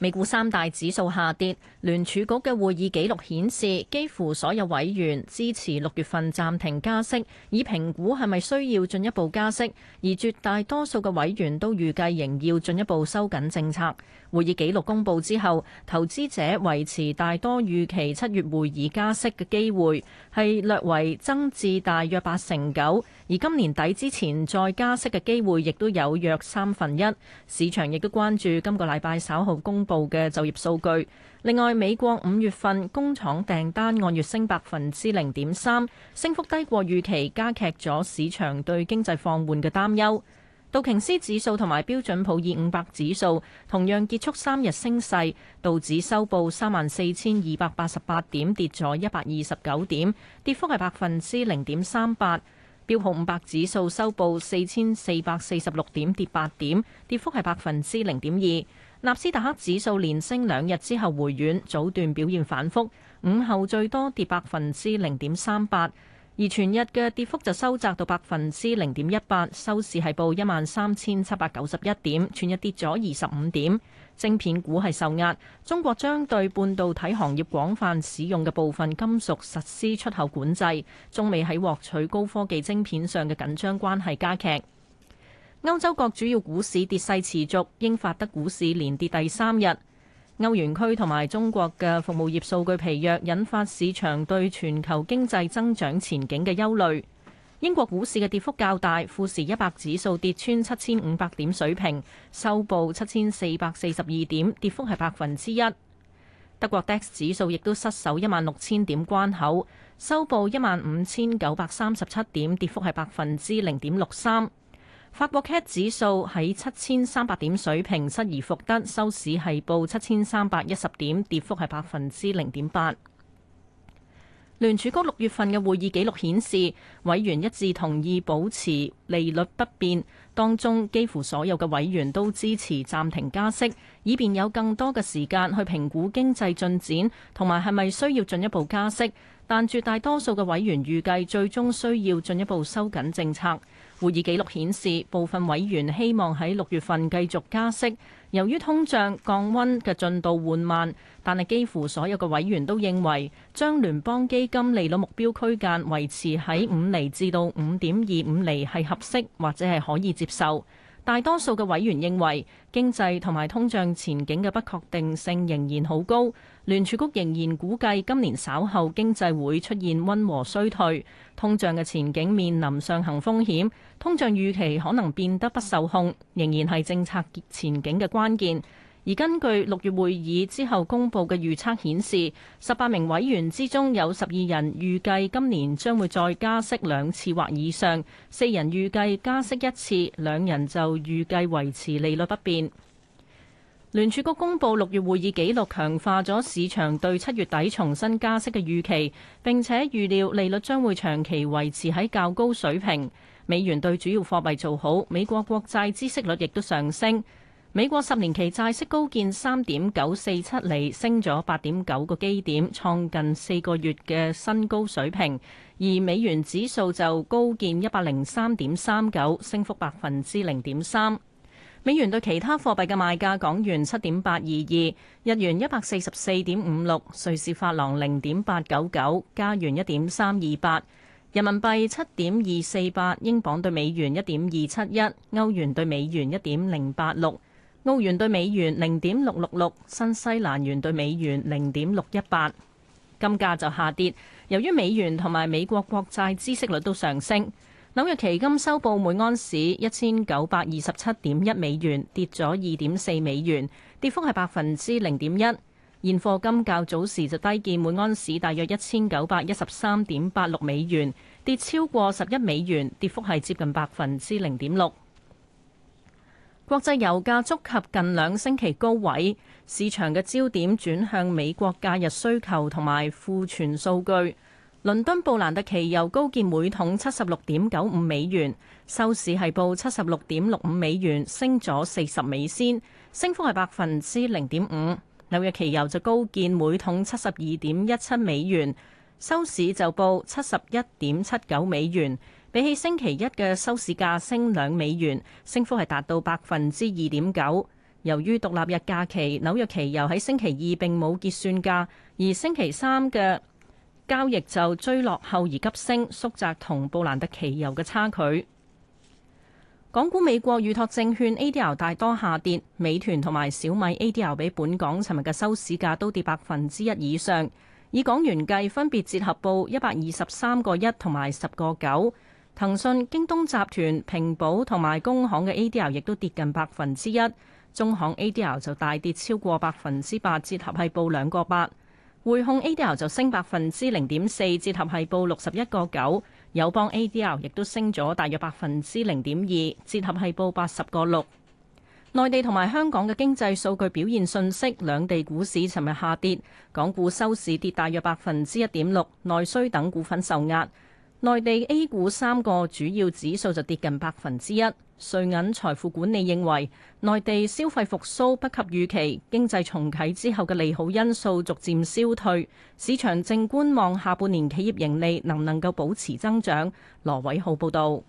美股三大指數下跌，聯儲局嘅會議紀錄顯示，幾乎所有委員支持六月份暫停加息，以評估係咪需要進一步加息；而絕大多數嘅委員都預計仍要進一步收緊政策。會議記錄公佈之後，投資者維持大多預期七月會議加息嘅機會係略為增至大約八成九，而今年底之前再加息嘅機會亦都有約三分一。市場亦都關注今個禮拜稍後公部嘅就業數據，另外美國五月份工廠訂單按月升百分之零點三，升幅低過預期，加劇咗市場對經濟放緩嘅擔憂。道瓊斯指數同埋標準普爾五百指數同樣結束三日升勢，道指收報三萬四千二百八十八點，跌咗一百二十九點，跌幅係百分之零點三八。標普五百指數收報四千四百四十六點，跌八點，跌幅係百分之零點二。納斯達克指數連升兩日之後回軟，早段表現反覆，午後最多跌百分之零點三八，而全日嘅跌幅就收窄到百分之零點一八，收市係報一萬三千七百九十一點，全日跌咗二十五點。晶片股係受壓，中國將對半導體行業廣泛使用嘅部分金屬實施出口管制，中美喺獲取高科技晶片上嘅緊張關係加劇。歐洲各主要股市跌勢持續，英法德股市連跌第三日。歐元區同埋中國嘅服務業數據疲弱，引發市場對全球經濟增長前景嘅憂慮。英國股市嘅跌幅較大，富時一百指數跌穿七千五百點水平，收報七千四百四十二點，跌幅係百分之一。德國 DAX 指數亦都失守一萬六千點關口，收報一萬五千九百三十七點，跌幅係百分之零點六三。法國 CAC 指數喺七千三百點水平失而復得，收市係報七千三百一十點，跌幅係百分之零點八。聯儲局六月份嘅會議記錄顯示，委員一致同意保持利率不變，當中幾乎所有嘅委員都支持暫停加息，以便有更多嘅時間去評估經濟進展，同埋係咪需要進一步加息。.但絕大多數嘅委員預計最終需要進一步收緊政策。會議記錄顯示，部分委員希望喺六月份繼續加息，由於通脹降溫嘅進度緩慢，但係幾乎所有嘅委員都認為將聯邦基金利率目標區間維持喺五厘至到五點二五厘係合適或者係可以接受。大多數嘅委員認為經濟同埋通脹前景嘅不確定性仍然好高，聯儲局仍然估計今年稍後經濟會出現溫和衰退，通脹嘅前景面臨上行風險，通脹預期可能變得不受控，仍然係政策前景嘅關鍵。而根據六月會議之後公佈嘅預測顯示，十八名委員之中有十二人預計今年將會再加息兩次或以上，四人預計加息一次，兩人就預計維持利率不變。聯儲局公佈六月會議記錄，強化咗市場對七月底重新加息嘅預期，並且預料利率將會長期維持喺較高水平。美元對主要貨幣做好，美國國債孳息率亦都上升。美國十年期債息高見三點九四七厘，升咗八點九個基點，創近四個月嘅新高水平。而美元指數就高見一百零三點三九，升幅百分之零點三。美元對其他貨幣嘅賣價：港元七點八二二，日元一百四十四點五六，瑞士法郎零點八九九，加元一點三二八，人民幣七點二四八，英鎊對美元一點二七一，歐元對美元一點零八六。澳元兌美元零點六六六，新西蘭元兌美元零點六一八，金價就下跌。由於美元同埋美國國債孳息率都上升，紐約期金收報每安士一千九百二十七點一美元，跌咗二點四美元，跌幅係百分之零點一。現貨金較早時就低見每安士大約一千九百一十三點八六美元，跌超過十一美元，跌幅係接近百分之零點六。國際油價觸及近兩星期高位，市場嘅焦點轉向美國假日需求同埋庫存數據。倫敦布蘭特期油高見每桶七十六點九五美元，收市係報七十六點六五美元，升咗四十美仙，升幅係百分之零點五。紐約期油就高見每桶七十二點一七美元，收市就報七十一點七九美元。比起星期一嘅收市價升兩美元，升幅係達到百分之二點九。由於獨立日假期，紐約期油喺星期二並冇結算價，而星期三嘅交易就追落後而急升，縮窄同布蘭特期油嘅差距。港股美國預託證券 ADR 大多下跌，美團同埋小米 ADR 比本港尋日嘅收市價都跌百分之一以上，以港元計分別折合報一百二十三個一同埋十個九。騰訊、京東集團、平保同埋工行嘅 ADR 亦都跌近百分之一，中行 ADR 就大跌超過百分之八，折合係報兩個八；匯控 ADR 就升百分之零點四，折合係報六十一個九；友邦 ADR 亦都升咗大約百分之零點二，折合係報八十個六。內地同埋香港嘅經濟數據表現信息，兩地股市尋日下跌，港股收市跌大約百分之一點六，內需等股份受壓。內地 A 股三個主要指數就跌近百分之一。瑞銀財富管理認為，內地消費復甦不及預期，經濟重啟之後嘅利好因素逐漸消退，市場正觀望下半年企業盈利能唔能夠保持增長。羅偉浩報導。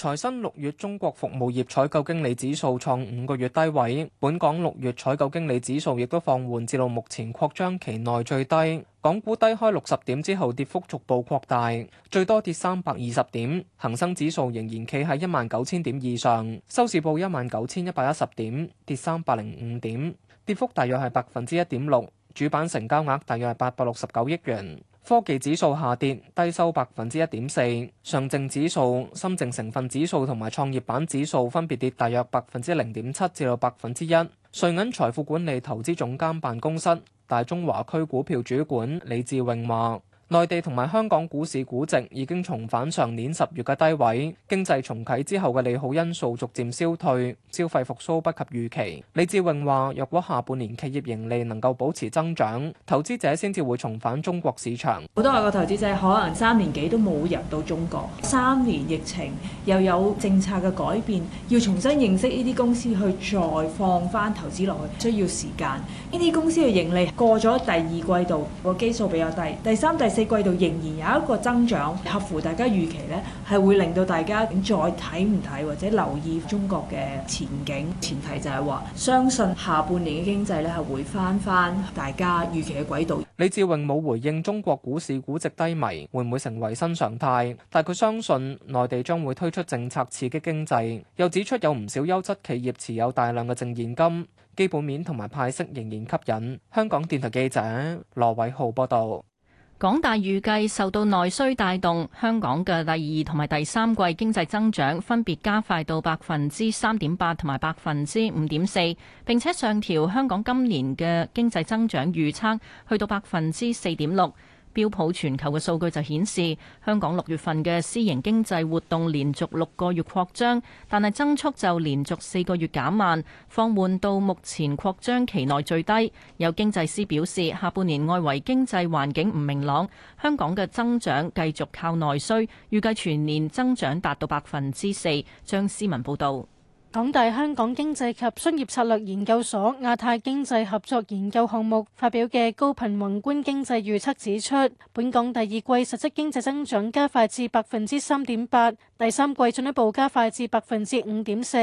財新六月中國服務業採購經理指數創五個月低位，本港六月採購經理指數亦都放緩，至到目前擴張期內最低。港股低開六十點之後，跌幅逐步擴大，最多跌三百二十點。恒生指數仍然企喺一萬九千點以上，收市報一萬九千一百一十點，跌三百零五點，跌幅大約係百分之一點六。主板成交額大約係八百六十九億元。科技指數下跌，低收百分之一點四。上證指數、深證成分指數同埋創業板指數分別跌大約百分之零點七至到百分之一。瑞銀財富管理投資總監辦公室大中華區股票主管李志榮話。內地同埋香港股市估值已經重返上年十月嘅低位，經濟重啟之後嘅利好因素逐漸消退，消費復甦不及預期。李志榮話：若果下半年企業盈利能夠保持增長，投資者先至會重返中國市場。好多外國投資者可能三年幾都冇入到中國，三年疫情又有政策嘅改變，要重新認識呢啲公司去再放翻投資落去，需要時間。呢啲公司嘅盈利過咗第二季度，個基數比較低，第三、第四季度仍然有一個增長，合乎大家預期咧，係會令到大家再睇唔睇或者留意中國嘅前景。前提就係話，相信下半年嘅經濟咧，係會翻翻大家預期嘅軌道。李志永冇回應中國股市估值低迷會唔會成為新常態，但佢相信內地將會推出政策刺激經濟，又指出有唔少優質企業持有大量嘅淨現金，基本面同埋派息仍然吸引。香港電台記者羅偉浩報道。港大預計受到內需帶動，香港嘅第二同埋第三季經濟增長分別加快到百分之三點八同埋百分之五點四，並且上調香港今年嘅經濟增長預測去到百分之四點六。標普全球嘅數據就顯示，香港六月份嘅私營經濟活動連續六個月擴張，但係增速，就連續四個月減慢，放緩到目前擴張期內最低。有經濟師表示，下半年外圍經濟環境唔明朗，香港嘅增長繼續靠內需，預計全年增長達到百分之四。張思文報道。港大香港經濟及商業策略研究所亞太經濟合作研究項目發表嘅高頻宏觀經濟預測指出，本港第二季實質經濟增長加快至百分之三點八，第三季進一步加快至百分之五點四，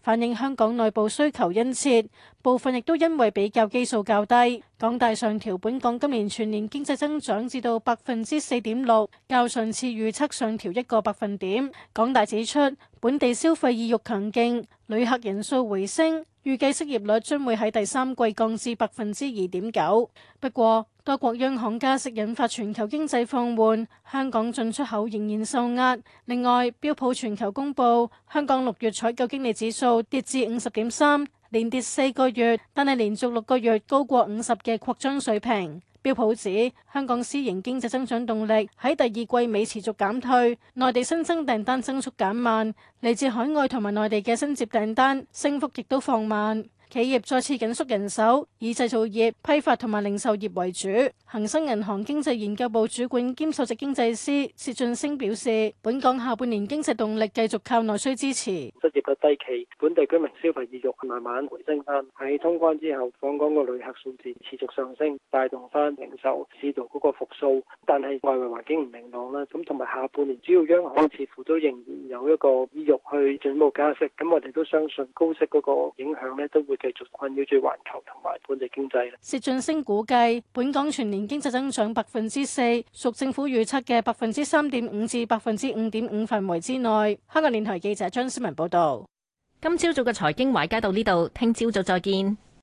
反映香港內部需求殷切，部分亦都因為比較基數較低。港大上調本港今年全年經濟增長至到百分之四點六，較上次預測上調一個百分點。港大指出，本地消費意欲強勁，旅客人數回升，預計失業率將會喺第三季降至百分之二點九。不過，多國央行加息引發全球經濟放緩，香港進出口仍然受壓。另外，標普全球公佈香港六月採購經理指數跌至五十點三，連跌四個月，但係連續六個月高過五十嘅擴張水平。標普指，香港私營經濟增長動力喺第二季尾持續減退，內地新增訂單增速減慢，嚟自海外同埋內地嘅新接訂單升幅亦都放慢。企業再次緊縮人手，以製造業、批發同埋零售業為主。恒生銀行經濟研究部主管兼首席經濟師薛俊昇表示，本港下半年經濟動力繼續靠內需支持。失業率低企，本地居民消費意欲慢慢回升翻。喺通關之後，訪港個旅客數字持續上升，帶動翻零售市道嗰個復甦。但係外圍環境唔明朗啦，咁同埋下半年主要央行似乎都仍然有一個意欲去進一步加息。咁我哋都相信高息嗰個影響呢都會。繼續困擾住環球同埋本地經濟。薛俊升估計，本港全年經濟增長百分之四，屬政府預測嘅百分之三點五至百分之五點五範圍之內。香港電台記者張思文報導。今朝早嘅財經華爾街到呢度，聽朝早再見。